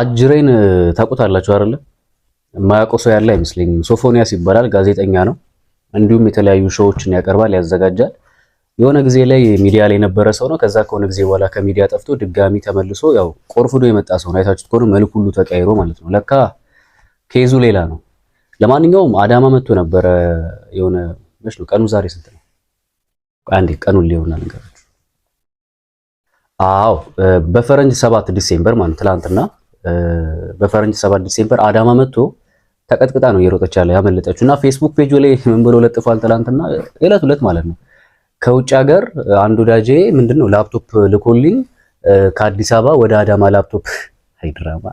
አጅሬን ታውቁታላችሁ አይደለ? የማያውቀው ሰው ያለ አይመስለኝም። ሶፎንያስ ይባላል፣ ጋዜጠኛ ነው። እንዲሁም የተለያዩ ሾዎችን ያቀርባል፣ ያዘጋጃል። የሆነ ጊዜ ላይ ሚዲያ ላይ የነበረ ሰው ነው። ከዛ ከሆነ ጊዜ በኋላ ከሚዲያ ጠፍቶ ድጋሚ ተመልሶ ያው ቆርፍዶ የመጣ ሰው ነው። አይታችሁት ከሆነ መልክ ሁሉ ተቀይሮ ማለት ነው። ለካ ኬዙ ሌላ ነው። ለማንኛውም አዳማ መጥቶ ነበረ። የሆነ መች ነው ቀኑ? ዛሬ ስንት ነው? አንዴ ቀኑን ሊሆና ነገር አዎ፣ በፈረንጅ ሰባት ዲሴምበር ማለት ትላንትና በፈረንጅ 7 ዲሴምበር አዳማ መጥቶ ተቀጥቅጣ ነው እየሮጠች ያለ ያመለጠችው እና ፌስቡክ ፔጅ ላይ ምን ብሎ ለጥፏል። ትላንትና እለት ሁለት ማለት ነው። ከውጭ ሀገር አንድ ወዳጄ ምንድን ነው ላፕቶፕ ልኮልኝ ከአዲስ አበባ ወደ አዳማ ላፕቶፕ ድራማ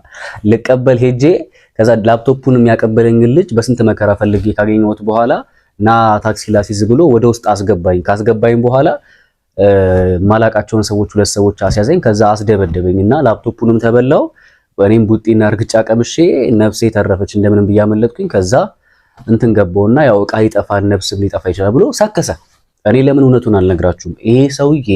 ልቀበል ሄጄ ከዛ ላፕቶፑን የሚያቀበለኝ ልጅ በስንት መከራ ፈልጌ ካገኘሁት በኋላ ና ታክሲ ላሲዝ ብሎ ወደ ውስጥ አስገባኝ። ካስገባኝ በኋላ ማላቃቸውን ሰዎች ሁለት ሰዎች አስያዘኝ። ከዛ አስደበደበኝ እና ላፕቶፑንም ተበላው። እኔም ቡጢና እርግጫ ቀምሼ ነፍሴ ተረፈች እንደምንም ብያመለጥኩኝ። ከዛ እንትን ገባውና ያው እቃ ይጠፋል ነፍስም ሊጠፋ ይችላል ብሎ ሳከሰ። እኔ ለምን እውነቱን አልነግራችሁም? ይሄ ሰውዬ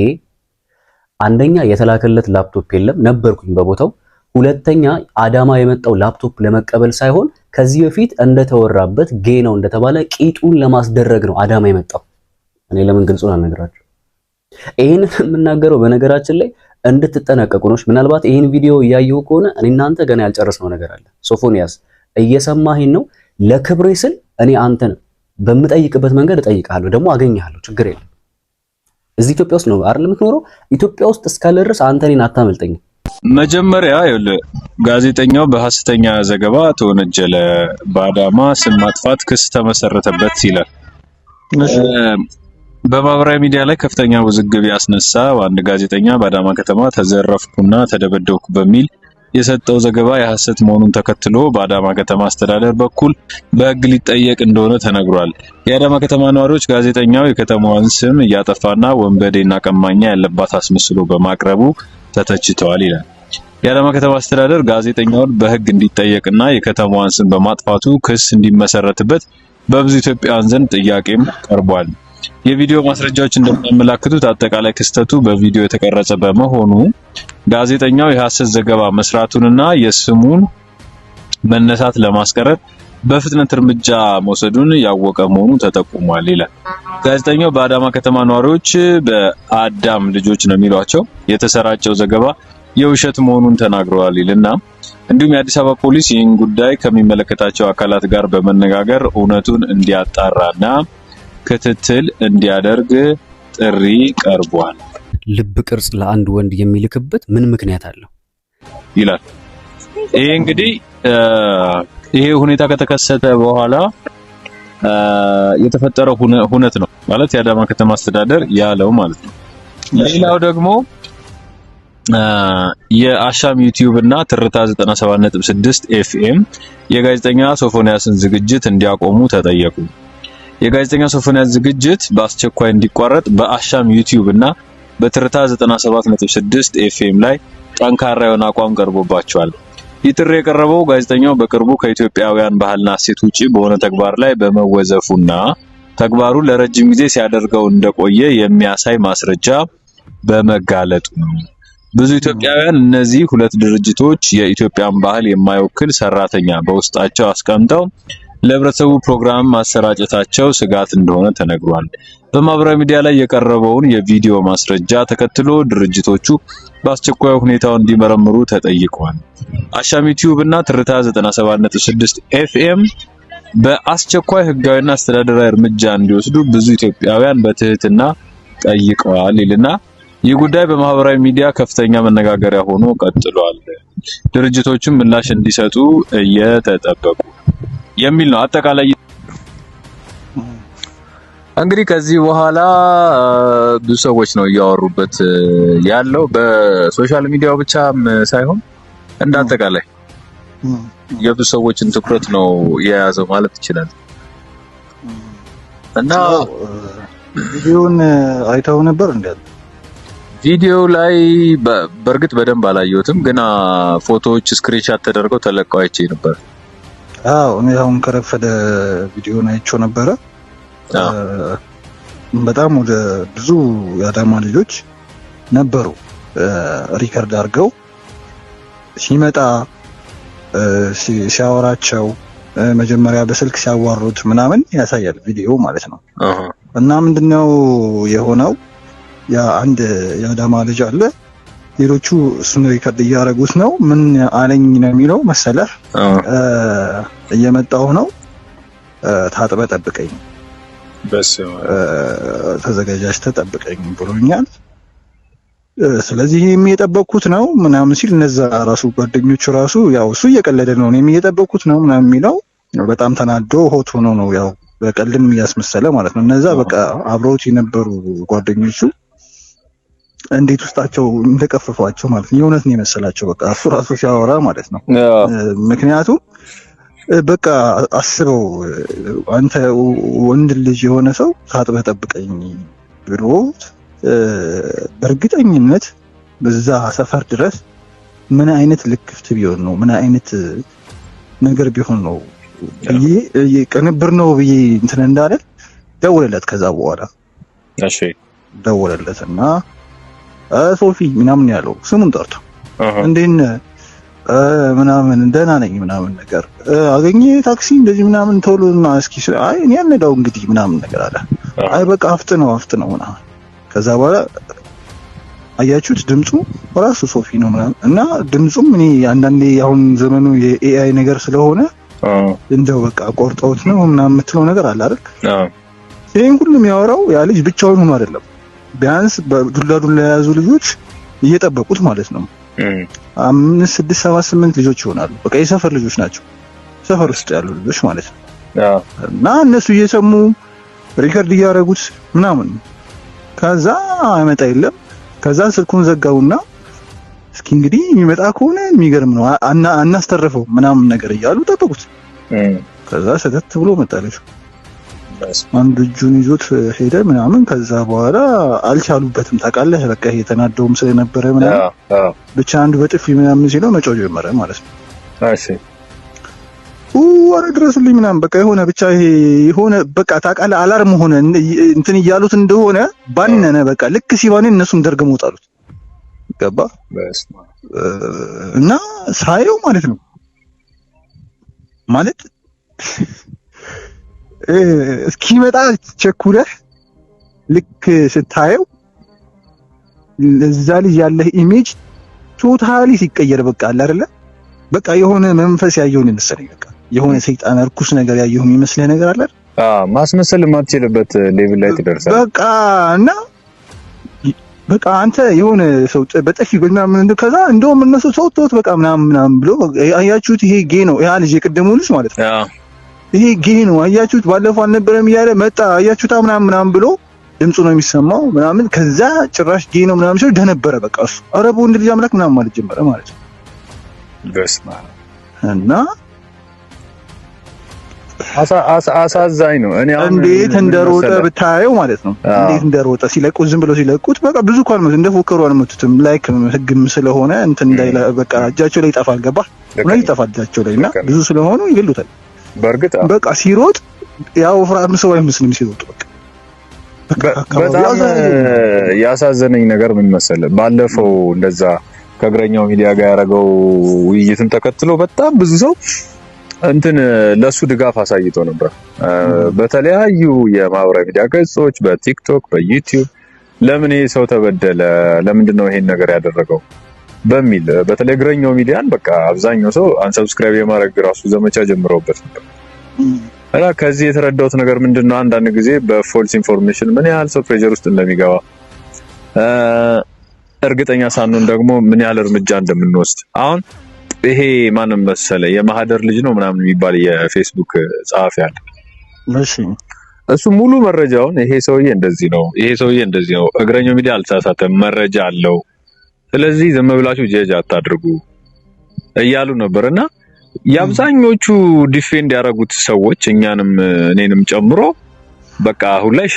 አንደኛ የተላከለት ላፕቶፕ የለም ነበርኩኝ በቦታው። ሁለተኛ አዳማ የመጣው ላፕቶፕ ለመቀበል ሳይሆን ከዚህ በፊት እንደተወራበት ጌ ነው እንደተባለ ቂጡን ለማስደረግ ነው አዳማ የመጣው። እኔ ለምን ግልጹን አልነግራችሁም? ይህንን የምናገረው በነገራችን ላይ እንድትጠነቀቁ ነው። ምናልባት ይህን ቪዲዮ እያየሁ ከሆነ እኔ እናንተ ገና ያልጨረስነው ነገር አለ። ሶፎንያስ እየሰማህን ነው? ለክብሬ ስል እኔ አንተን በምጠይቅበት መንገድ እጠይቅሃለሁ፣ ደግሞ አገኝሃለሁ። ችግር የለም። እዚህ ኢትዮጵያ ውስጥ ነው አይደል የምትኖረው? ኢትዮጵያ ውስጥ እስካለ ድረስ አንተ እኔን አታመልጠኝ። መጀመሪያ ጋዜጠኛው በሐሰተኛ ዘገባ ተወነጀለ፣ በአዳማ ስም ማጥፋት ክስ ተመሰረተበት ይላል። በማህበራዊ ሚዲያ ላይ ከፍተኛ ውዝግብ ያስነሳ አንድ ጋዜጠኛ በአዳማ ከተማ ተዘረፍኩና ተደበደብኩ በሚል የሰጠው ዘገባ የሐሰት መሆኑን ተከትሎ በአዳማ ከተማ አስተዳደር በኩል በሕግ ሊጠየቅ እንደሆነ ተነግሯል። የአዳማ ከተማ ነዋሪዎች ጋዜጠኛው የከተማዋን ስም እያጠፋና ወንበዴና ቀማኛ ያለባት አስመስሎ በማቅረቡ ተተችተዋል ይላል። የአዳማ ከተማ አስተዳደር ጋዜጠኛውን በሕግ እንዲጠየቅና የከተማዋን ስም በማጥፋቱ ክስ እንዲመሰረትበት በብዙ ኢትዮጵያውያን ዘንድ ጥያቄም ቀርቧል። የቪዲዮ ማስረጃዎች እንደሚያመላክቱት አጠቃላይ ክስተቱ በቪዲዮ የተቀረጸ በመሆኑ ጋዜጠኛው የሐሰት ዘገባ መስራቱንና የስሙን መነሳት ለማስቀረት በፍጥነት እርምጃ መውሰዱን ያወቀ መሆኑ ተጠቁሟል ይላል። ጋዜጠኛው በአዳማ ከተማ ነዋሪዎች በአዳም ልጆች ነው የሚሏቸው የተሰራጨው ዘገባ የውሸት መሆኑን ተናግረዋል ይልና እንዲሁም የአዲስ አበባ ፖሊስ ይህን ጉዳይ ከሚመለከታቸው አካላት ጋር በመነጋገር እውነቱን እንዲያጣራና ክትትል እንዲያደርግ ጥሪ ቀርቧል። ልብ ቅርጽ ለአንድ ወንድ የሚልክበት ምን ምክንያት አለው ይላል። ይሄ እንግዲህ ይሄ ሁኔታ ከተከሰተ በኋላ የተፈጠረ ሁነት ነው ማለት የአዳማ ከተማ አስተዳደር ያለው ማለት ነው። ሌላው ደግሞ የአሻም ዩቲዩብ እና ትርታ 97.6 ኤፍኤም የጋዜጠኛ ሶፎንያስን ዝግጅት እንዲያቆሙ ተጠየቁ። የጋዜጠኛው ሶፎንያስ ዝግጅት በአስቸኳይ እንዲቋረጥ በአሻም ዩቲዩብ እና በትርታ 97.6 ኤፍኤም ላይ ጠንካራ የሆነ አቋም ቀርቦባቸዋል። ይህ ጥሪ የቀረበው ጋዜጠኛው በቅርቡ ከኢትዮጵያውያን ባህልና እሴት ውጪ በሆነ ተግባር ላይ በመወዘፉና ተግባሩ ለረጅም ጊዜ ሲያደርገው እንደቆየ የሚያሳይ ማስረጃ በመጋለጡ ነው። ብዙ ኢትዮጵያውያን እነዚህ ሁለት ድርጅቶች የኢትዮጵያን ባህል የማይወክል ሰራተኛ በውስጣቸው አስቀምጠው ለህብረተሰቡ ፕሮግራም ማሰራጨታቸው ስጋት እንደሆነ ተነግሯል። በማህበራዊ ሚዲያ ላይ የቀረበውን የቪዲዮ ማስረጃ ተከትሎ ድርጅቶቹ በአስቸኳይ ሁኔታውን እንዲመረምሩ ተጠይቀዋል። አሻሚ ዩቲዩብ እና ትርታ 97.6 ኤፍኤም በአስቸኳይ ህጋዊና አስተዳደራዊ እርምጃ እንዲወስዱ ብዙ ኢትዮጵያውያን በትህትና ጠይቀዋል ይልና ይህ ጉዳይ በማህበራዊ ሚዲያ ከፍተኛ መነጋገሪያ ሆኖ ቀጥሏል። ድርጅቶቹም ምላሽ እንዲሰጡ እየተጠበቁ የሚል ነው አጠቃላይ እንግዲህ ከዚህ በኋላ ብዙ ሰዎች ነው እያወሩበት ያለው በሶሻል ሚዲያው ብቻም ሳይሆን እንደ አጠቃላይ የብዙ ሰዎችን ትኩረት ነው የያዘው ማለት ይችላል። እና ቪዲዮውን አይተው ነበር እንዴ? ቪዲዮ ላይ በእርግጥ በደንብ አላየሁትም፣ ግን ፎቶዎች ስክሪንሻት ተደርገው ተለቀው አይቼ ነበር። አዎ እኔ አሁን ከረፈደ ቪዲዮን አይቼው ነበረ። በጣም ወደ ብዙ የአዳማ ልጆች ነበሩ ሪከርድ አድርገው ሲመጣ ሲያወራቸው መጀመሪያ በስልክ ሲያዋሩት ምናምን ያሳያል ቪዲዮ ማለት ነው። እና ምንድነው የሆነው ያ አንድ የአዳማ ልጅ አለ ሌሎቹ እሱን ሪከርድ እያደረጉት ነው። ምን አለኝ ነው የሚለው መሰለህ፣ እየመጣሁ ነው ታጥበ ጠብቀኝ፣ ተዘጋጃጅተህ ጠብቀኝ ብሎኛል። ስለዚህ ይሄም ነው ምናምን ሲል እነዛ ራሱ ጓደኞቹ ራሱ ያው እሱ እየቀለደ ነው እኔም እየጠበቅኩት ነው ምናምን የሚለው በጣም ተናዶ ሆት ሆኖ ነው ያው በቀልም እያስመሰለ ማለት ነው። እነዛ በቃ አብረውት የነበሩ ጓደኞቹ እንዴት ውስጣቸው እንደቀፈፏቸው ማለት ነው። የእውነት ነው የመሰላቸው በቃ እሱ ራሱ ሲያወራ ማለት ነው። ምክንያቱም በቃ አስበው አንተ ወንድ ልጅ የሆነ ሰው ታጥበህ ጠብቀኝ ብሎ በእርግጠኝነት በዛ ሰፈር ድረስ ምን አይነት ልክፍት ቢሆን ነው ምን አይነት ነገር ቢሆን ነው ብዬ ቅንብር ነው ብዬ እንትን እንዳለን ደውለለት። ከዛ በኋላ ደውለለት እና ሶፊ ምናምን ያለው ስሙን ጠርቶ እንዴን ምናምን ደህና ነኝ ምናምን ነገር አገኘ ታክሲ እንደዚህ ምናምን ቶሎና እስኪ አይ እኔ ያነዳው እንግዲህ ምናምን ነገር አለ። አይ በቃ አፍጥ ነው አፍጥ ነው ምናምን ከዛ በኋላ አያችሁት ድምፁ ራሱ ሶፊ ነው ምናምን እና ድምፁም እኔ አንዳንዴ አሁን ዘመኑ የኤአይ ነገር ስለሆነ እንደው በቃ ቆርጠውት ነው ምናምን የምትለው ነገር አለ አይደል? ይህን ሁሉም ያወራው ያ ልጅ ብቻውን ሆኖ አይደለም ቢያንስ በዱላ ዱላ የያዙ ልጆች እየጠበቁት ማለት ነው። አምስት ስድስት ሰባት ስምንት ልጆች ይሆናሉ። በቃ የሰፈር ልጆች ናቸው፣ ሰፈር ውስጥ ያሉ ልጆች ማለት ነው። እና እነሱ እየሰሙ ሪከርድ እያደረጉት ምናምን ከዛ አይመጣ የለም ከዛ ስልኩን ዘጋውና እስኪ እንግዲህ የሚመጣ ከሆነ የሚገርም ነው አናስተረፈው ምናምን ነገር እያሉ ጠበቁት። ከዛ ሰተት ብሎ መጣለች። አንድ እጁን ይዞት ሄደ ምናምን። ከዛ በኋላ አልቻሉበትም ታውቃለህ። በቃ የተናደውም ስለነበረ ምናምን ብቻ አንድ በጥፊ ምናምን ሲለው መጫው ጀመረ ማለት ነው። እሺ ኧረ ድረሱልኝ ምናምን በቃ የሆነ ብቻ ይሄ የሆነ በቃ ታውቃለህ፣ አላርም ሆነ እንትን እያሉት እንደሆነ ባነነ። በቃ ልክ ሲባኔ እነሱም ደርገው መውጣሉት ገባ እና ሳየው ማለት ነው ማለት እስኪመጣ ቸኩለህ ልክ ስታየው እዛ ልጅ ያለህ ኢሜጅ ቶታሊ ሲቀየር በቃ አለ አይደለ በቃ የሆነ መንፈስ ያየውን የመሰለኝ በቃ የሆነ ሰይጣን እርኩስ ነገር ያየሁም የሚመስልህ ነገር አለ ማስመሰል የማትችልበት ሌቭል ላይ ትደርሳለህ። በቃ እና በቃ አንተ የሆነ ሰው በጠፊ ምናምን ከዛ እንደውም እነሱ ሰው ተውት በቃ ምናምን ምናምን ብሎ አያችሁት፣ ይሄ ጌ ነው ያ ልጅ የቀደመው ልጅ ማለት ነው። ይሄ ጌ ነው አያችሁት፣ ባለፈው አልነበረም እያለ መጣ አያችሁታ ምናምን ምናምን ብሎ ድምፁ ነው የሚሰማው ምናምን። ከዛ ጭራሽ ጌ ነው ምናምን ሲሉ ደነበረ። በቃ እሱ ኧረ በወንድ ልጅ አምላክ ምናምን ማለት ጀመረ ማለት ነው። እና አሳዛኝ ነው። እኔ አሁን እንዴት እንደሮጠ ብታየው ማለት ነው። እንዴት እንደሮጠ ሲለቁት፣ ዝም ብለው ሲለቁት በቃ ብዙ እኮ አልመቱትም፣ እንደፎከሩ አልመቱትም። ላይክ ህግም ስለሆነ እንትን እንዳይ በቃ እጃቸው ላይ ይጠፋል። ገባ እውነት ይጠፋል እጃቸው ላይ እና ብዙ ስለሆኑ ይገሉታል። በእርግጥ በቃ ሲሮጥ ያው ፍራም ሰው አይመስልም ሲሮጥ በጣም ያሳዘነኝ ነገር ምን መሰለ፣ ባለፈው እንደዛ ከእግረኛው ሚዲያ ጋር ያደረገው ውይይትን ተከትሎ በጣም ብዙ ሰው እንትን ለሱ ድጋፍ አሳይቶ ነበር። በተለያዩ የማህበራዊ ሚዲያ ገጾች፣ በቲክቶክ፣ በዩቲዩብ ለምን ይሄ ሰው ተበደለ? ለምንድን ነው ይሄን ነገር ያደረገው? በሚል በተለይ እግረኛው ሚዲያን በቃ አብዛኛው ሰው አንሰብስክራይብ የማድረግ ራሱ ዘመቻ ጀምረውበት ነበር። እና ከዚህ የተረዳሁት ነገር ምንድነው፣ አንዳንድ ጊዜ በፎልስ ኢንፎርሜሽን ምን ያህል ሰው ፕሬጀር ውስጥ እንደሚገባ እርግጠኛ ሳንሆን ደግሞ ምን ያህል እርምጃ እንደምንወስድ አሁን ይሄ ማንም መሰለ የማህደር ልጅ ነው ምናምን የሚባል የፌስቡክ ጸሐፊ አለ። እሱ ሙሉ መረጃውን ይሄ ሰውዬ እንደዚህ ነው፣ ይሄ ሰውዬ እንደዚህ ነው፣ እግረኛው ሚዲያ አልተሳሳተም፣ መረጃ አለው ስለዚህ ዝም ብላችሁ ጀጅ አታድርጉ እያሉ ነበር እና የአብዛኞቹ ዲፌንድ ያደረጉት ሰዎች እኛንም እኔንም ጨምሮ በቃ አሁን ላይ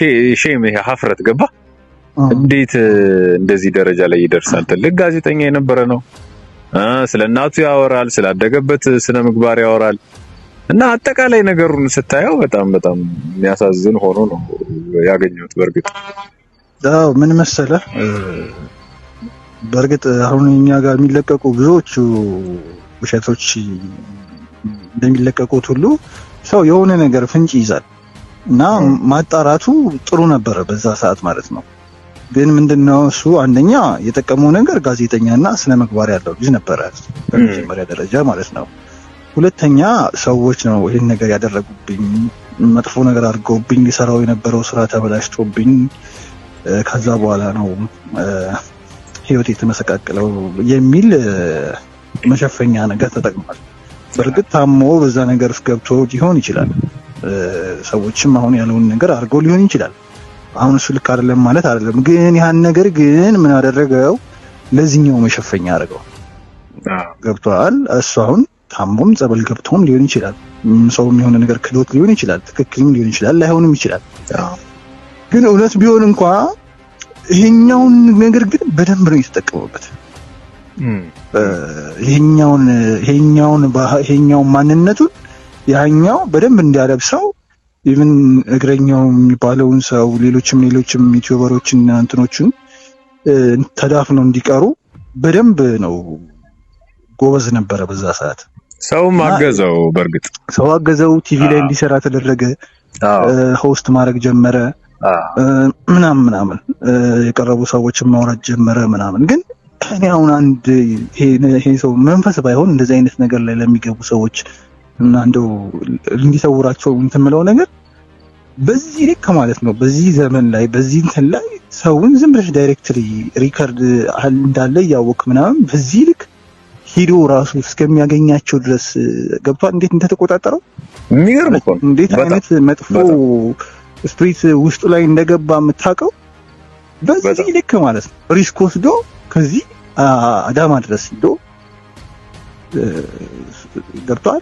ሼም ሀፍረት ገባ። እንዴት እንደዚህ ደረጃ ላይ ይደርሳል? ትልቅ ጋዜጠኛ የነበረ ነው። ስለ እናቱ ያወራል፣ ስላደገበት ስነ ምግባር ያወራል እና አጠቃላይ ነገሩን ስታየው በጣም በጣም የሚያሳዝን ሆኖ ነው ያገኘሁት። በእርግጥ ምን መሰለህ በእርግጥ አሁን እኛ ጋር የሚለቀቁ ብዙዎቹ ውሸቶች እንደሚለቀቁት ሁሉ ሰው የሆነ ነገር ፍንጭ ይዛል እና ማጣራቱ ጥሩ ነበረ በዛ ሰዓት ማለት ነው። ግን ምንድነው እሱ አንደኛ የጠቀመው ነገር ጋዜጠኛና ስነ ምግባር ያለው ልጅ ነበረ በመጀመሪያ ደረጃ ማለት ነው። ሁለተኛ ሰዎች ነው ይህን ነገር ያደረጉብኝ፣ መጥፎ ነገር አድርገውብኝ፣ ሊሰራው የነበረው ስራ ተበላሽቶብኝ ከዛ በኋላ ነው ህይወት የተመሰቃቀለው የሚል መሸፈኛ ነገር ተጠቅሟል። በእርግጥ ታሞ በዛ ነገር ገብቶ ሊሆን ይችላል። ሰዎችም አሁን ያለውን ነገር አድርገው ሊሆን ይችላል። አሁን እሱ ልክ አይደለም ማለት አይደለም፣ ግን ያን ነገር ግን ምን አደረገው? ለዚህኛው መሸፈኛ አድርገው ገብቷል። እሱ አሁን ታሞም ጸበል ገብቶም ሊሆን ይችላል። ሰውም የሆነ ነገር ክዶት ሊሆን ይችላል። ትክክልም ሊሆን ይችላል፣ ላይሆንም ይችላል። ግን እውነት ቢሆን እንኳ ይሄኛውን ነገር ግን በደንብ ነው የተጠቀመበት። ይሄኛውን ይሄኛውን ይሄኛውን ማንነቱን ያኛው በደንብ እንዲያለብሰው ኢቭን እግረኛው የሚባለውን ሰው ሌሎችም ሌሎችም ዩቲዩበሮችን እንትኖችን ተዳፍነው እንዲቀሩ በደንብ ነው ጎበዝ ነበረ በዛ ሰዓት። ሰውም አገዘው፣ በእርግጥ ሰው አገዘው። ቲቪ ላይ እንዲሰራ ተደረገ። ሆስት ማድረግ ጀመረ። ምናምን ምናምን የቀረቡ ሰዎችን ማውራት ጀመረ ምናምን። ግን እኔ አሁን አንድ ይሄ ሰው መንፈስ ባይሆን እንደዚህ አይነት ነገር ላይ ለሚገቡ ሰዎች እና እንደው እንዲሰውራቸው የምትምለው ነገር በዚህ ልክ ማለት ነው። በዚህ ዘመን ላይ በዚህ እንትን ላይ ሰውን ዝም ብለሽ ዳይሬክትሪ ሪከርድ እንዳለ እያወቅ ምናምን በዚህ ልክ ሂዶ ራሱ እስከሚያገኛቸው ድረስ ገብቷል። እንዴት እንደተቆጣጠረው የሚገርም እኮ እንዴት አይነት መጥፎ ስትሪት ውስጡ ላይ እንደገባ የምታውቀው በዚህ ልክ ማለት ነው። ሪስክ ወስዶ ከዚህ አዳማ ድረስ ሂዶ ገብቷል።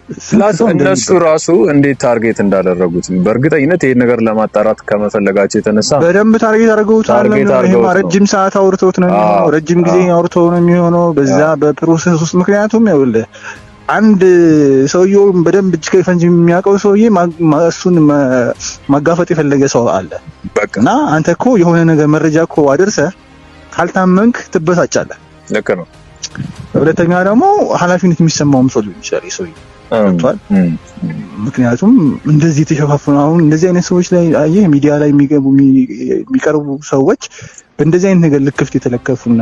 እነሱ ራሱ እንዴት ታርጌት እንዳደረጉት በእርግጠኝነት ይሄን ነገር ለማጣራት ከመፈለጋቸው የተነሳ በደንብ ታርጌት አድርገውታል። ረጅም ሰዓት አውርተውት ነው የሚሆነው፣ ረጅም ጊዜ አውርተው ነው የሚሆነው በዛ በፕሮሰስ ውስጥ ምክንያቱም ያውልህ አንድ ሰውየውን በደንብ እጅ ከፈንጅ የሚያውቀው ሰውዬ እሱን ማጋፈጥ የፈለገ ሰው አለ እና አንተ እኮ የሆነ ነገር መረጃ እኮ አደርሰ ካልታመንክ ትበሳጫለህ። ልክ ነው። ሁለተኛ ደግሞ ኃላፊነት የሚሰማውም ሰው ሊሆን ይችላል ሰውዬ ገብቷል። ምክንያቱም እንደዚህ የተሸፋፍኑ አሁን እንደዚህ አይነት ሰዎች ላይ አየህ ሚዲያ ላይ የሚቀርቡ ሰዎች በእንደዚህ አይነት ነገር ልክፍት የተለከፉና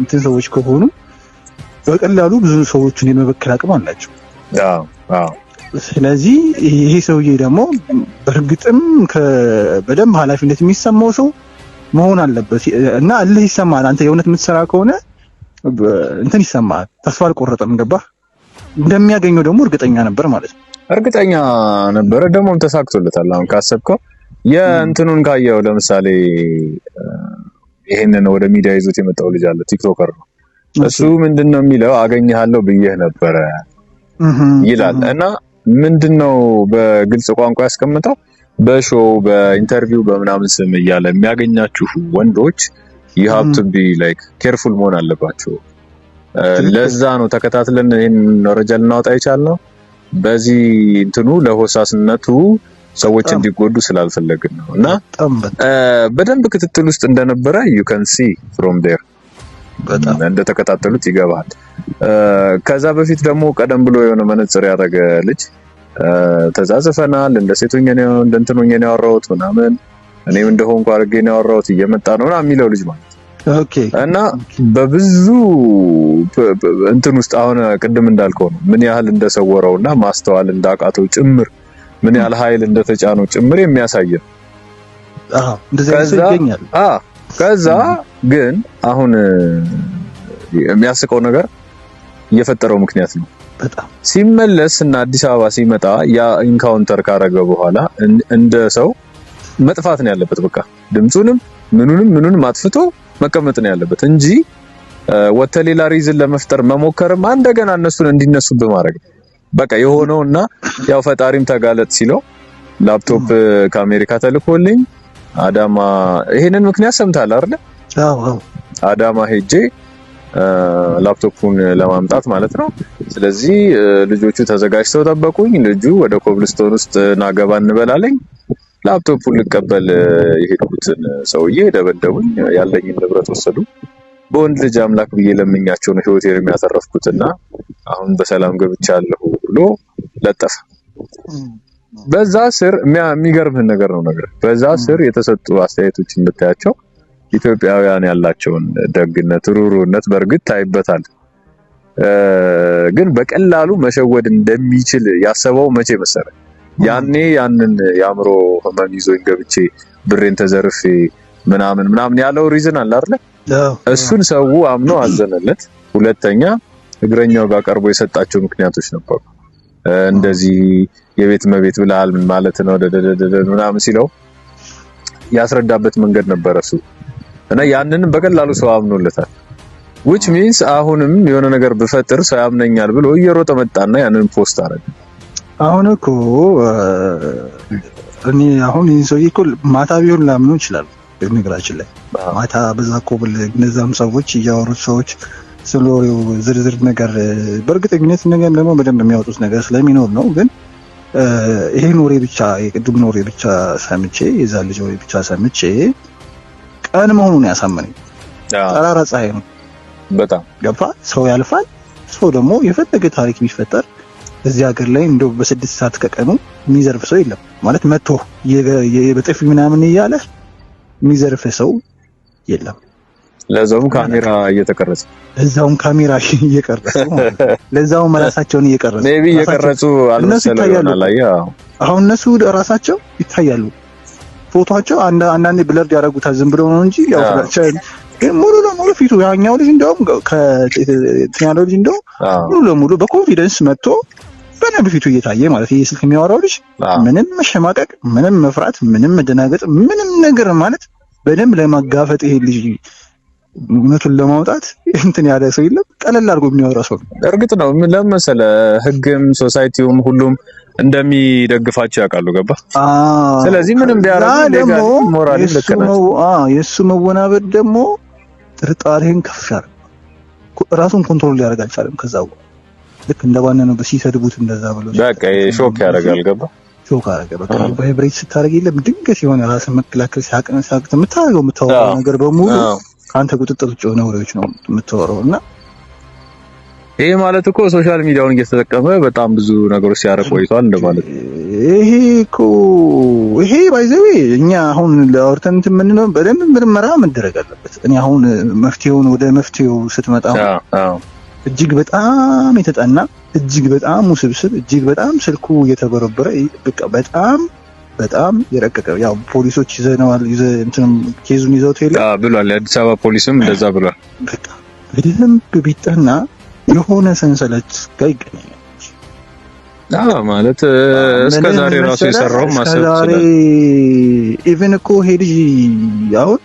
እንትን ሰዎች ከሆኑ በቀላሉ ብዙ ሰዎችን የመበከል አቅም አላቸው። ስለዚህ ይሄ ሰውዬ ደግሞ በእርግጥም በደንብ ኃላፊነት የሚሰማው ሰው መሆን አለበት እና እልህ ይሰማል። አንተ የእውነት የምትሰራ ከሆነ እንትን ይሰማል። ተስፋ አልቆረጠም። ገባ እንደሚያገኘው ደግሞ እርግጠኛ ነበር ማለት ነው። እርግጠኛ ነበረ፣ ደግሞም ተሳክቶለታል። አሁን ካሰብከው የእንትኑን ካየው፣ ለምሳሌ ይሄንን ወደ ሚዲያ ይዞት የመጣው ልጅ አለ፣ ቲክቶከር ነው እሱ ምንድን ነው የሚለው አገኘሃለው ብዬህ ነበረ ይላል እና ምንድን ነው በግልጽ ቋንቋ ያስቀምጠው በሾው በኢንተርቪው በምናምን ስም እያለ የሚያገኛችሁ ወንዶች you have to መሆን አለባቸው። ለዛ ነው ተከታትለን ይህን መረጃ ልናወጣ ነው በዚህ እንትኑ ለሆሳስነቱ ሰዎች እንዲጎዱ ስላልፈለግን ነው እና በደንብ ክትትል ውስጥ እንደነበረ ዩ ከን ሲ ፍሮም there እንደተከታተሉት ይገባል። ከዛ በፊት ደግሞ ቀደም ብሎ የሆነ መነጽር ያደረገ ልጅ ተዛዝፈናል፣ እንደ ሴቶኛ ነው እንደ እንትን ነው ያወራሁት ምናምን እኔም እንደሆንኩ አድርጌ ነው ያወራሁት እየመጣ ነው ምናምን የሚለው ልጅ ማለት እና በብዙ እንትን ውስጥ አሁን ቅድም እንዳልከው ነው ምን ያህል እንደሰወረው እና ማስተዋል እንዳቃተው ጭምር ምን ያህል ኃይል እንደተጫነው ጭምር የሚያሳየ ነው። ከዛ ግን አሁን የሚያስቀው ነገር የፈጠረው ምክንያት ነው። ሲመለስ እና አዲስ አበባ ሲመጣ ያ ኢንካውንተር ካረገ በኋላ እንደ ሰው መጥፋት ነው ያለበት። በቃ ድምፁንም ምኑንም ምኑንም አጥፍቶ መቀመጥ ነው ያለበት እንጂ ወተ ሌላ ሪዝን ለመፍጠር መሞከርም እንደገና እነሱን እንዲነሱብህ ማድረግ በቃ የሆነው እና ያው ፈጣሪም ተጋለጥ ሲለው ላፕቶፕ ከአሜሪካ ተልኮልኝ አዳማ ይሄንን ምክንያት ሰምታል አይደል? አዳማ ሄጄ ላፕቶፑን ለማምጣት ማለት ነው። ስለዚህ ልጆቹ ተዘጋጅተው ጠበቁኝ። ልጁ ወደ ኮብልስቶን ውስጥ ናገባ እንበላለኝ። ላፕቶፑን ልቀበል የሄድኩትን ሰውዬ ደበደቡኝ፣ ያለኝን ንብረት ወሰዱ። በወንድ ልጅ አምላክ ብዬ ለምኛቸው ነው ህይወቴን የሚያተረፍኩትና አሁን በሰላም ገብቻለሁ ብሎ ለጠፈ። በዛ ስር የሚገርምህን ነገር ነው ነገር በዛ ስር የተሰጡ አስተያየቶች የምታያቸው ኢትዮጵያውያን ያላቸውን ደግነት፣ ሩሩነት በእርግጥ ታይበታል። ግን በቀላሉ መሸወድ እንደሚችል ያሰበው መቼ መሰለ? ያኔ ያንን የአእምሮ ህመም ይዞኝ ገብቼ ብሬን ተዘርፌ ምናምን ምናምን ያለው ሪዝን አለ አይደለ? እሱን ሰው አምኖ አዘነለት። ሁለተኛ እግረኛው ጋር ቀርቦ የሰጣቸው ምክንያቶች ነበሩ። እንደዚህ የቤት መቤት ብለሃል ምን ማለት ነው ምናምን ሲለው ያስረዳበት መንገድ ነበረ እሱ እና ያንንም በቀላሉ ሰው አምኖለታል። which means አሁንም የሆነ ነገር ብፈጥር ሰው ያምነኛል ብሎ እየሮጠ መጣና ያንን ፖስት አረገ። አሁን እኮ እኔ አሁን ይህን ሰውዬ እኮ ማታ ቢሆን ላምኖ ይችላል። ነገራችን ላይ ማታ በዛ እኮ እነዛም ሰዎች እያወሩት ሰዎች ስለ ዝርዝር ነገር በእርግጠኝነት ነገር ደግሞ በደንብ የሚያወጡት ነገር ስለሚኖር ነው። ግን ይሄን ወሬ ብቻ የቅድም ወሬ ብቻ ሰምቼ የዛ ልጅ ወሬ ብቻ ሰምቼ ቀን መሆኑን ያሳመነኝ ጠራራ ፀሐይ ነው። በጣም ገባ። ሰው ያልፋል። ሰው ደግሞ የፈለገ ታሪክ ቢፈጠር እዚህ ሀገር ላይ እንደው በስድስት ሰዓት ከቀኑ የሚዘርፍ ሰው የለም ማለት መቶ በጥፊ ምናምን እያለ የሚዘርፍ ሰው የለም። ለዛውም ካሜራ እየተቀረጸ ለዛውም ካሜራ እየቀረጸ ለዛውም ራሳቸውን እየቀረጹ ሜይ ቢ እየቀረጹ አልመሰለውም። አሁን እነሱ ራሳቸው ይታያሉ ፎቶቸው አንዳንዴ ብለርድ ያደረጉታል ዝም ብለው ነው እንጂ ግን ሙሉ ለሙሉ ፊቱ ያኛው ልጅ እንደውም ከኛለው ልጅ እንደውም ሙሉ ለሙሉ በኮንፊደንስ መጥቶ በደንብ ፊቱ እየታየ ማለት ይህ ስልክ የሚያወራው ልጅ ምንም መሸማቀቅ፣ ምንም መፍራት፣ ምንም መደናገጥ፣ ምንም ነገር ማለት በደንብ ለማጋፈጥ ይሄ ልጅ እውነቱን ለማውጣት እንትን ያለ ሰው የለም። ቀለል አድርጎ የሚያወራ ሰው እርግጥ ነው ለመሰለ ህግም ሶሳይቲውም ሁሉም እንደሚደግፋቸው ያውቃሉ። ገባ። ስለዚህ ምንም ቢያደርግ ሞራል ልከናቸው። አዎ የእሱ መወናበድ ደግሞ ጥርጣሬን ከፍ ያደርግ ራሱን ኮንትሮል ሊያደርግ አልቻለም። ከዛ ልክ ነው ሲሰድቡት እንደዛ ብሎ በቃ ሾክ ያደርጋል። ገባ ሾክ አደረገ። ስታደርግ የለም ድንገት የሆነ ራስን መከላከል ሲያቅን ሳቅት የምታደርገው የምታወራው ነገር በሙሉ ከአንተ ቁጥጥር ውጭ የሆነ ወሬዎች ነው የምታወራው እና ይሄ ማለት እኮ ሶሻል ሚዲያውን እየተጠቀመ በጣም ብዙ ነገሮች ሲያረቅ ቆይቷል እንደማለት ይሄ እኮ ይሄ ባይዘዌ እኛ አሁን ለአውርተን እንትን የምንለው በደንብ ምርመራ መደረግ አለበት። እኔ አሁን መፍትሄውን ወደ መፍትሄው ስትመጣ እጅግ በጣም የተጠና እጅግ በጣም ውስብስብ እጅግ በጣም ስልኩ እየተበረበረ በቃ በጣም በጣም የረቀቀ ያው ፖሊሶች ይዘነዋል ይዘ እንትንም ኬዙን ይዘውት የለ ብሏል። የአዲስ አበባ ፖሊስም እንደዛ ብሏል። በቃ በደንብ ቢጠና የሆነ ሰንሰለት ጋር ይገናኛል። ማለት እስከ ዛሬ ራሱ የሰራው ማሰብ ዛሬ ኢቭን እኮ ይሄ አሁን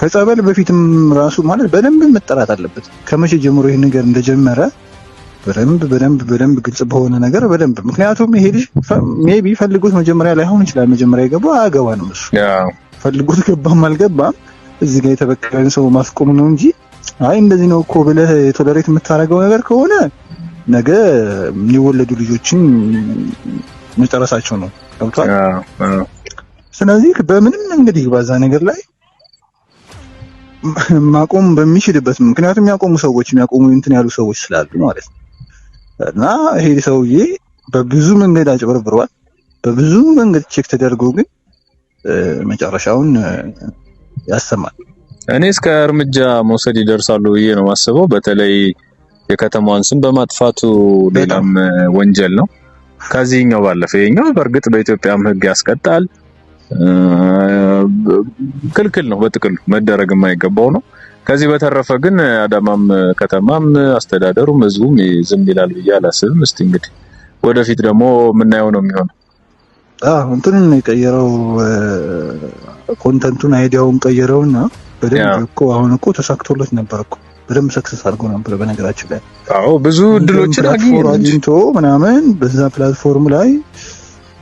ከጸበል በፊትም ራሱ ማለት በደንብ መጠራት አለበት። ከመቼ ጀምሮ ይሄ ነገር እንደጀመረ በደንብ በደንብ በደንብ ግልጽ በሆነ ነገር በደንብ ምክንያቱም ይሄ ልጅ ሜቢ ፈልጎት መጀመሪያ ላይ አሁን ይችላል። መጀመሪያ የገባው አያገባንም እሱ ፈልጎት ገባም አልገባም እዚህ ጋር የተበቀለን ሰው ማስቆም ነው እንጂ አይ እንደዚህ ነው እኮ ብለህ ቶለሬት የምታደርገው ነገር ከሆነ ነገ የሚወለዱ ልጆችን መጨረሳቸው ነው። ገብቷል። ስለዚህ በምንም እንግዲህ ባዛ ነገር ላይ ማቆም በሚችልበት ምክንያቱም ያቆሙ ሰዎች የሚያቆሙ እንትን ያሉ ሰዎች ስላሉ ማለት ነው። እና ይሄ ሰውዬ በብዙ መንገድ አጭበርብሯል። በብዙ መንገድ ቼክ ተደርጎ ግን መጨረሻውን ያሰማል። እኔ እስከ እርምጃ መውሰድ ይደርሳሉ ብዬ ነው የማስበው። በተለይ የከተማዋን ስም በማጥፋቱ ሌላም ወንጀል ነው ከዚህኛው ባለፈ። ይሄኛው በእርግጥ በኢትዮጵያም ሕግ ያስቀጣል፣ ክልክል ነው፣ በጥቅሉ መደረግ የማይገባው ነው። ከዚህ በተረፈ ግን አዳማም ከተማም አስተዳደሩም ህዝቡም ዝም ይላል ብዬ አላስብም። እስቲ እንግዲህ ወደፊት ደግሞ የምናየው ነው የሚሆነው። እንትኑን የቀየረው ኮንተንቱን አይዲያውን ቀየረውና በደንብ እኮ አሁን እኮ ተሳክቶለት ነበር እኮ በደንብ ሰክሰስ አድርጎ ነበር። በነገራችን ላይ አዎ ብዙ እድሎችን አግኝቶ ምናምን በዛ ፕላትፎርም ላይ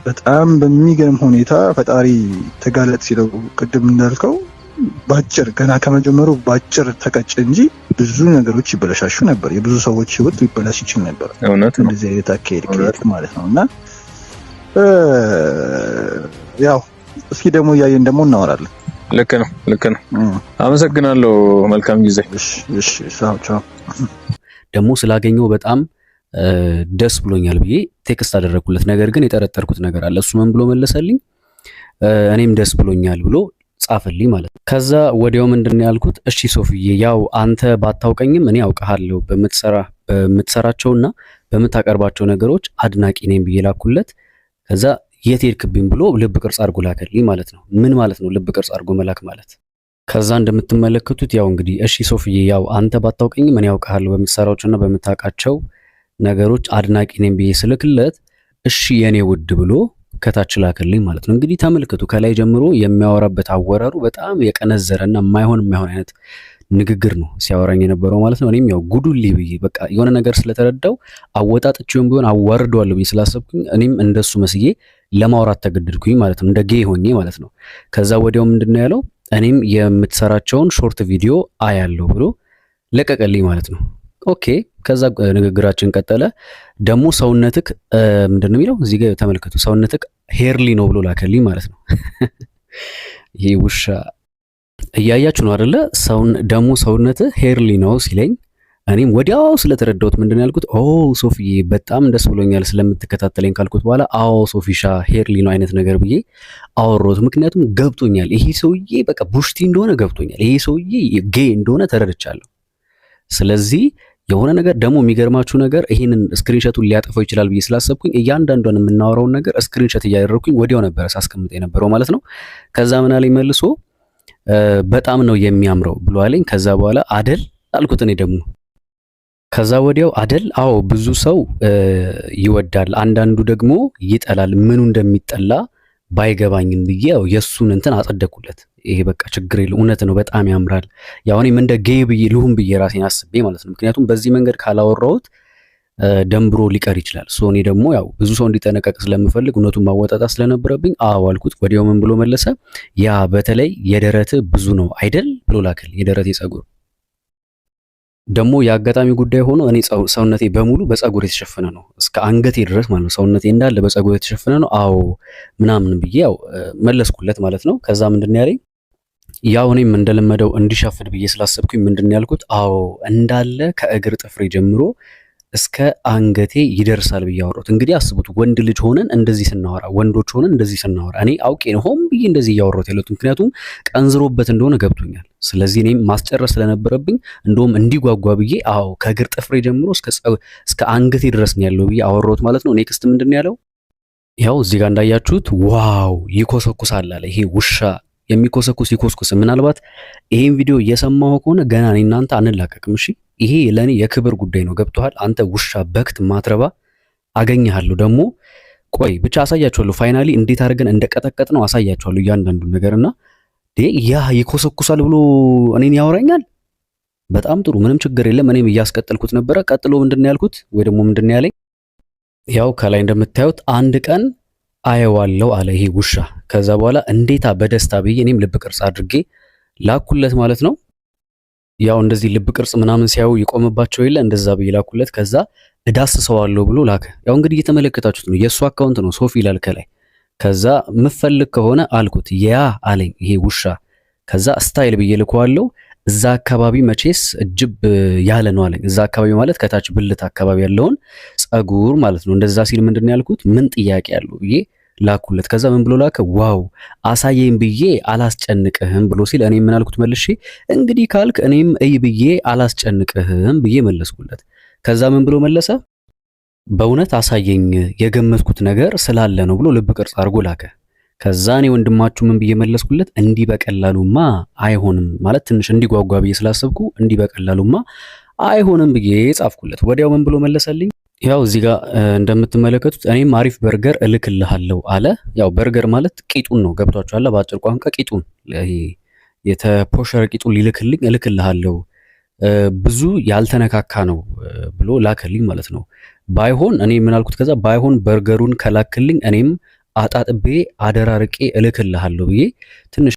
በጣም በሚገርም ሁኔታ ፈጣሪ ተጋለጥ ሲለው ቅድም እንዳልከው ባጭር ገና ከመጀመሩ ባጭር ተቀጭ እንጂ ብዙ ነገሮች ይበለሻሹ ነበር። የብዙ ሰዎች ህይወት ሊበላሽ ይችል ነበር። እንደዚህ አይነት አካሄድ ከሄድክ ማለት ነው። እና ያው እስኪ ደግሞ እያየን ደግሞ እናወራለን። ልክ ነው፣ ልክ ነው። አመሰግናለሁ። መልካም ጊዜ። ደግሞ ስላገኘው በጣም ደስ ብሎኛል ብዬ ቴክስት አደረግኩለት። ነገር ግን የጠረጠርኩት ነገር አለ። እሱ ምን ብሎ መለሰልኝ? እኔም ደስ ብሎኛል ብሎ ጻፈልኝ ማለት ነው። ከዛ ወዲያው ምንድን ነው ያልኩት? እሺ ሶፍዬ፣ ያው አንተ ባታውቀኝም እኔ አውቀሃለሁ በምትሰራ በምትሰራቸውና በምታቀርባቸው ነገሮች አድናቂ ነኝ ብዬ ላኩለት። ከዛ የት ሄድክብኝ ብሎ ልብ ቅርጽ አድርጎ ላከልኝ ማለት ነው። ምን ማለት ነው ልብ ቅርጽ አድርጎ መላክ ማለት? ከዛ እንደምትመለከቱት ያው እንግዲህ እሺ ሶፍዬ፣ ያው አንተ ባታውቀኝ እኔ ያውቅሃለሁ በምትሰራዎችና በምታውቃቸው ነገሮች አድናቂ ነኝ ብዬ ስልክለት እሺ የኔ ውድ ብሎ ከታች ላከልኝ ማለት ነው። እንግዲህ ተመልከቱ፣ ከላይ ጀምሮ የሚያወራበት አወራሩ በጣም የቀነዘረና የማይሆን የማይሆን አይነት ንግግር ነው ሲያወራኝ የነበረው ማለት ነው። እኔም ያው ጉዱሌ ብዬ በቃ የሆነ ነገር ስለተረዳው አወጣጥቼውም ቢሆን አዋርደዋለሁ ብዬ ስላሰብኩኝ እኔም እንደሱ መስዬ ለማውራት ተገደድኩኝ ማለት ነው፣ እንደ ጌ ሆኜ ማለት ነው። ከዛ ወዲያው ምንድን ነው ያለው እኔም የምትሰራቸውን ሾርት ቪዲዮ አያለሁ ብሎ ለቀቀልኝ ማለት ነው። ኦኬ ከዛ ንግግራችን ቀጠለ። ደግሞ ሰውነትክ ምንድን ነው የሚለው እዚህ ጋር ተመልከቱ። ሰውነትክ ሄርሊ ነው ብሎ ላከልኝ ማለት ነው። ይህ ውሻ እያያችሁ ነው አደለ? ደግሞ ሰውነት ሄርሊ ነው ሲለኝ እኔም ወዲያው ስለተረዳሁት ምንድን ያልኩት ኦ ሶፊዬ በጣም ደስ ብሎኛል ስለምትከታተለኝ ካልኩት በኋላ አዎ ሶፊሻ ሄርሊ ነው አይነት ነገር ብዬ አወሮት። ምክንያቱም ገብቶኛል፣ ይሄ ሰውዬ በቃ ቡሽቲ እንደሆነ ገብቶኛል፣ ይሄ ሰውዬ ጌ እንደሆነ ተረድቻለሁ። ስለዚህ የሆነ ነገር ደግሞ የሚገርማችሁ ነገር ይህንን ስክሪንሸቱን ሊያጠፋው ይችላል ብዬ ስላሰብኩኝ እያንዳንዷን የምናወራውን ነገር ስክሪንሸት እያደረግኩኝ ወዲያው ነበረ ሳስቀምጠ የነበረው ማለት ነው። ከዛ ምን አለኝ መልሶ በጣም ነው የሚያምረው ብሎ አለኝ። ከዛ በኋላ አደል አልኩት እኔ ደግሞ ከዛ ወዲያው አደል? አዎ ብዙ ሰው ይወዳል፣ አንዳንዱ ደግሞ ይጠላል። ምኑ እንደሚጠላ ባይገባኝም ብዬ ያው የእሱን እንትን አጸደቁለት ይሄ በቃ ችግር የለ፣ እውነት ነው፣ በጣም ያምራል። ያው እኔም እንደ ጌይ ብዬ ልሁን ብዬ ራሴን አስቤ ማለት ነው። ምክንያቱም በዚህ መንገድ ካላወራሁት ደንብሮ ሊቀር ይችላል። ሶ እኔ ደግሞ ያው ብዙ ሰው እንዲጠነቀቅ ስለምፈልግ እውነቱን ማወጣጣት ስለነበረብኝ አዎ አልኩት። ወዲያው ምን ብሎ መለሰ? ያ በተለይ የደረት ብዙ ነው አይደል ብሎ ላክል የደረት ጸጉር ደግሞ የአጋጣሚ ጉዳይ ሆኖ እኔ ሰውነቴ በሙሉ በፀጉር የተሸፈነ ነው፣ እስከ አንገቴ ድረስ ማለት ነው። ሰውነቴ እንዳለ በፀጉር የተሸፈነ ነው። አዎ ምናምን ብዬ ያው መለስኩለት ማለት ነው። ከዛ ምንድን ያለኝ ያው እኔም እንደለመደው እንዲሻፍድ ብዬ ስላሰብኩኝ ምንድን ያልኩት አዎ እንዳለ ከእግር ጥፍሬ ጀምሮ እስከ አንገቴ ይደርሳል ብዬ አወራሁት። እንግዲህ አስቡት ወንድ ልጅ ሆነን እንደዚህ ስናወራ፣ ወንዶች ሆነን እንደዚህ ስናወራ እኔ አውቄ ነው ሆን ብዬ እንደዚህ እያወራሁት ያለሁት፣ ምክንያቱም ቀንዝሮበት እንደሆነ ገብቶኛል። ስለዚህ እኔም ማስጨረስ ስለነበረብኝ እንደውም እንዲጓጓ ብዬ አዎ ከእግር ጥፍሬ ጀምሮ እስከ አንገቴ ድረስ ነው ያለው ብዬ አወራሁት ማለት ነው። ኔክስት ምንድን ነው ያለው? ያው እዚህ ጋር እንዳያችሁት ዋው ይኮሰኩሳል አለ። ይሄ ውሻ የሚኮሰኩስ ይኮስኩስ። ምናልባት ይሄን ቪዲዮ እየሰማሁ ከሆነ ገና እኔ እናንተ አንላቀቅም። እሺ ይሄ ለእኔ የክብር ጉዳይ ነው። ገብቶሃል? አንተ ውሻ በክት ማትረባ አገኘሃለሁ ደግሞ ቆይ ብቻ አሳያችኋለሁ። ፋይናሊ እንዴት አድርገን እንደቀጠቀጥ ነው አሳያችኋለሁ እያንዳንዱ ነገር እና ያ ይኮሰኩሳል ብሎ እኔን ያወራኛል። በጣም ጥሩ ምንም ችግር የለም። እኔም እያስቀጠልኩት ነበረ። ቀጥሎ ምንድን ያልኩት ወይ ደግሞ ምንድን ያለኝ ያው ከላይ እንደምታዩት አንድ ቀን አየዋለው አለ ይሄ ውሻ። ከዛ በኋላ እንዴታ በደስታ ብዬ እኔም ልብ ቅርጽ አድርጌ ላኩለት ማለት ነው። ያው እንደዚህ ልብ ቅርጽ ምናምን ሲያዩ ይቆምባቸው የለ እንደዛ ብዬ ላኩለት። ከዛ እዳስሰዋለሁ ብሎ ላከ። ያው እንግዲህ እየተመለከታችሁት ነው፣ የእሱ አካውንት ነው ሶፊ ይላል ከላይ። ከዛ ምፈልግ ከሆነ አልኩት ያ አለኝ ይሄ ውሻ። ከዛ ስታይል ብዬ ልከዋለሁ። እዛ አካባቢ መቼስ እጅብ ያለ ነው አለኝ። እዛ አካባቢ ማለት ከታች ብልት አካባቢ ያለውን ጸጉር ማለት ነው። እንደዛ ሲል ምንድን ያልኩት ምን ጥያቄ አለው ብዬ ላኩለት። ከዛ ምን ብሎ ላከ? ዋው አሳየኝ ብዬ አላስጨንቅህም ብሎ ሲል እኔም ምን አልኩት መልሼ እንግዲህ ካልክ እኔም እይ ብዬ አላስጨንቅህም ብዬ መለስኩለት። ከዛ ምን ብሎ መለሰ? በእውነት አሳየኝ የገመትኩት ነገር ስላለ ነው ብሎ ልብ ቅርጽ አድርጎ ላከ። ከዛ እኔ ወንድማችሁ ምን ብዬ መለስኩለት? እንዲህ በቀላሉማ አይሆንም ማለት ትንሽ እንዲጓጓ ብዬ ስላሰብኩ እንዲህ በቀላሉማ አይሆንም ብዬ ጻፍኩለት። ወዲያው ምን ብሎ መለሰልኝ? ያው እዚህ ጋር እንደምትመለከቱት እኔም አሪፍ በርገር እልክልሃለሁ አለ። ያው በርገር ማለት ቂጡን ነው ገብቷችኋል። በአጭር ቋንቋ ቂጡን የተፖሸረ ቂጡን ሊልክልኝ እልክልሃለሁ፣ ብዙ ያልተነካካ ነው ብሎ ላክልኝ ማለት ነው። ባይሆን እኔ የምናልኩት ከዛ ባይሆን በርገሩን ከላክልኝ እኔም አጣጥቤ አደራርቄ እልክልሃለሁ ብዬ ትንሽ